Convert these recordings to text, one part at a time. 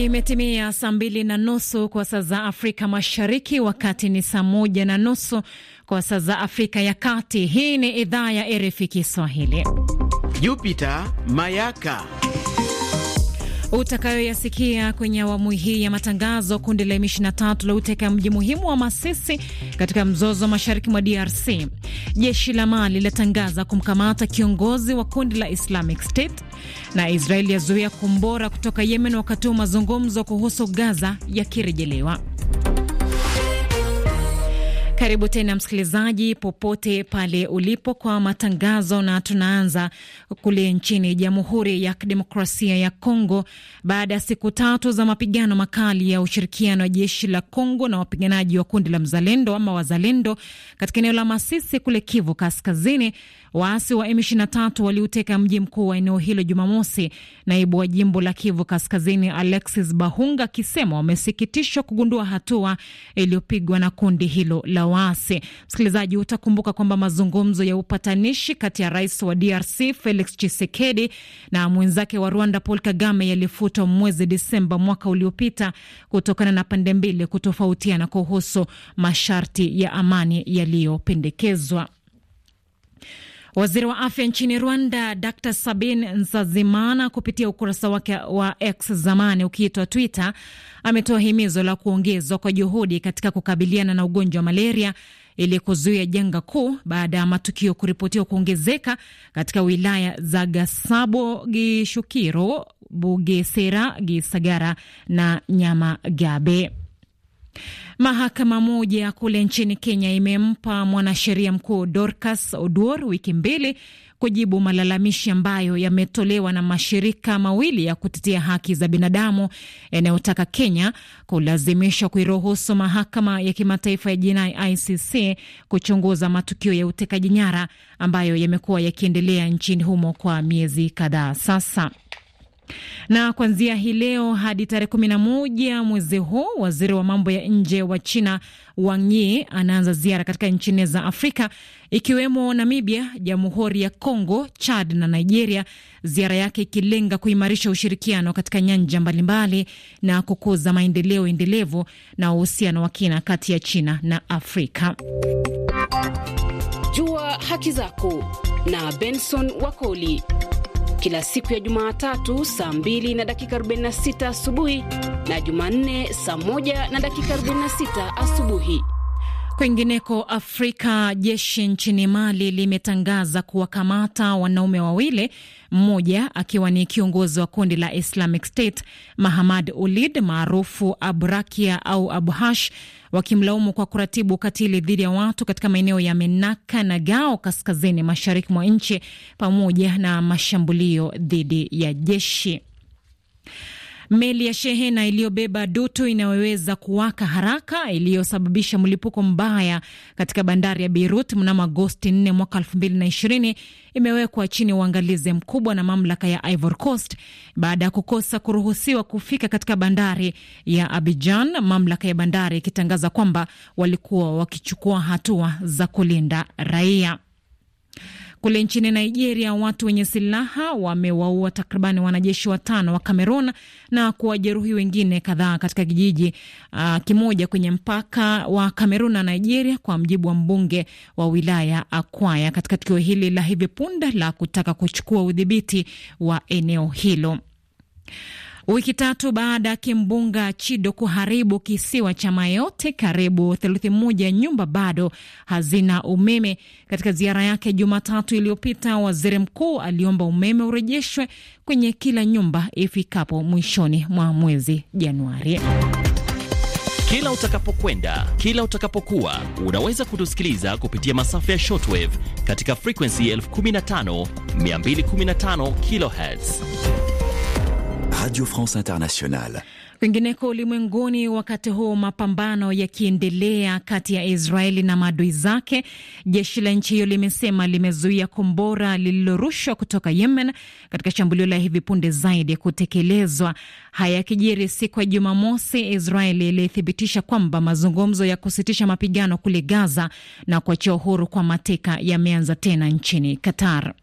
Imetimia saa mbili na nusu kwa saa za Afrika Mashariki, wakati ni saa moja na nusu kwa saa za Afrika ya Kati. Hii ni idhaa ya RFI Kiswahili. Jupiter Mayaka utakayoyasikia kwenye awamu hii ya matangazo. Kundi la M23 la uteka mji muhimu wa Masisi katika mzozo wa mashariki mwa DRC. Jeshi la Mali latangaza kumkamata kiongozi wa kundi la Islamic State, na Israeli yazuia kombora kutoka Yemen, wakati huu mazungumzo kuhusu Gaza yakirejelewa. Karibu tena msikilizaji, popote pale ulipo kwa matangazo, na tunaanza kule nchini Jamhuri ya Kidemokrasia ya Kongo. Baada ya siku tatu za mapigano makali ya ushirikiano wa jeshi la Kongo na wapiganaji wa kundi la Mzalendo ama Wazalendo katika eneo la Masisi kule Kivu Kaskazini, waasi wa M23 waliuteka mji mkuu wa eneo hilo Jumamosi. Naibu wa jimbo la Kivu Kaskazini Alexis Bahunga akisema wamesikitishwa kugundua hatua iliyopigwa na kundi hilo la waasi. Msikilizaji, utakumbuka kwamba mazungumzo ya upatanishi kati ya rais wa DRC Felix Tshisekedi na mwenzake wa Rwanda Paul Kagame yalifutwa mwezi Disemba mwaka uliopita kutokana na pande mbili kutofautiana kuhusu masharti ya amani yaliyopendekezwa. Waziri wa afya nchini Rwanda Dr Sabin Nsazimana kupitia ukurasa wake wa X zamani ukiitwa Twitter ametoa himizo la kuongezwa kwa juhudi katika kukabiliana na ugonjwa wa malaria ili kuzuia janga kuu baada ya matukio kuripotiwa kuongezeka katika wilaya za Gasabo, Gishukiro, Bugesera, Gisagara na Nyamagabe. Mahakama moja kule nchini Kenya imempa mwanasheria mkuu Dorcas Oduor wiki mbili kujibu malalamishi ambayo yametolewa na mashirika mawili ya kutetea haki za binadamu yanayotaka Kenya kulazimisha kuiruhusu mahakama ya kimataifa ya jinai ICC kuchunguza matukio ya utekaji nyara ambayo yamekuwa yakiendelea nchini humo kwa miezi kadhaa sasa. Na kuanzia hii leo hadi tarehe kumi na moja mwezi huu, waziri wa mambo ya nje wa China Wang Yi anaanza ziara katika nchi nne za Afrika ikiwemo Namibia, Jamhuri ya Kongo, Chad na Nigeria, ziara yake ikilenga kuimarisha ushirikiano katika nyanja mbalimbali na kukuza maendeleo endelevu na uhusiano wa kina kati ya China na Afrika. Jua haki zako na Benson Wakoli kila siku ya Jumatatu saa 2 na dakika 46 asubuhi na Jumanne saa 1 na dakika 46 asubuhi. Kwingineko Afrika, jeshi nchini Mali limetangaza kuwakamata wanaume wawili, mmoja akiwa ni kiongozi wa kundi la Islamic State Mahamad Ulid maarufu Abrakia au Abhash, wakimlaumu kwa kuratibu ukatili dhidi ya watu katika maeneo ya Menaka na Gao kaskazini mashariki mwa nchi, pamoja na mashambulio dhidi ya jeshi. Meli ya shehena iliyobeba dutu inayoweza kuwaka haraka iliyosababisha mlipuko mbaya katika bandari ya Beirut mnamo Agosti 4 mwaka 2020 imewekwa chini uangalizi mkubwa na mamlaka ya Ivory Coast baada ya kukosa kuruhusiwa kufika katika bandari ya Abidjan, mamlaka ya bandari ikitangaza kwamba walikuwa wakichukua hatua za kulinda raia. Kule nchini Nigeria, watu wenye silaha wamewaua takribani wanajeshi watano wa Cameroon na kuwajeruhi wengine kadhaa katika kijiji uh, kimoja kwenye mpaka wa Cameroon na Nigeria, kwa mjibu wa mbunge wa wilaya Akwaya, katika tukio hili la hivi punde la kutaka kuchukua udhibiti wa eneo hilo. Wiki tatu baada ya kimbunga Chido kuharibu kisiwa cha Mayote, karibu theluthi moja ya nyumba bado hazina umeme. Katika ziara yake Jumatatu iliyopita, waziri mkuu aliomba umeme urejeshwe kwenye kila nyumba ifikapo mwishoni mwa mwezi Januari. Kila utakapokwenda, kila utakapokuwa, unaweza kutusikiliza kupitia masafa ya shortwave katika frequency 15215 kilohertz Radio France Internationale. Kwingineko ulimwenguni, wakati huu mapambano yakiendelea kati ya Israeli na maadui zake, jeshi la nchi hiyo limesema limezuia kombora lililorushwa kutoka Yemen katika shambulio la hivi punde zaidi kutekelezwa. Haya yakijiri siku ya Jumamosi, Israeli ilithibitisha kwamba mazungumzo ya kusitisha mapigano kule Gaza na kuachia uhuru kwa mateka yameanza tena nchini Qatar.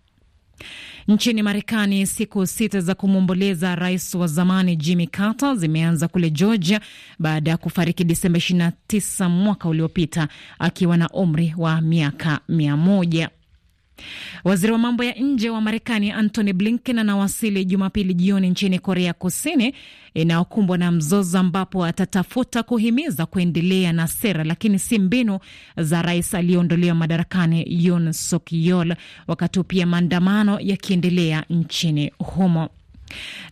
Nchini Marekani, siku sita za kumwomboleza rais wa zamani Jimmy Carter zimeanza kule Georgia baada ya kufariki Disemba 29 mwaka uliopita akiwa na umri wa miaka mia moja. Waziri wa mambo ya nje wa Marekani Antony Blinken anawasili Jumapili jioni nchini Korea Kusini inayokumbwa na mzozo, ambapo atatafuta kuhimiza kuendelea na sera lakini si mbinu za rais aliyeondolewa madarakani Yoon Suk Yeol, wakati pia maandamano yakiendelea nchini humo.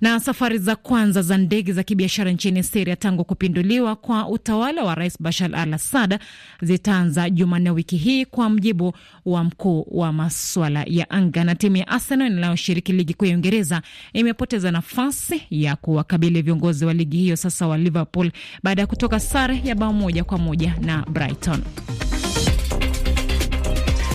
Na safari za kwanza za ndege za kibiashara nchini Siria tangu kupinduliwa kwa utawala wa Rais Bashar al Assad zitaanza Jumanne wiki hii kwa mjibu wa mkuu wa maswala ya anga. Na timu ya Arsenal inayoshiriki ligi kuu ya Uingereza imepoteza nafasi ya kuwakabili viongozi wa ligi hiyo sasa wa Liverpool baada ya kutoka sare ya bao moja kwa moja na Brighton.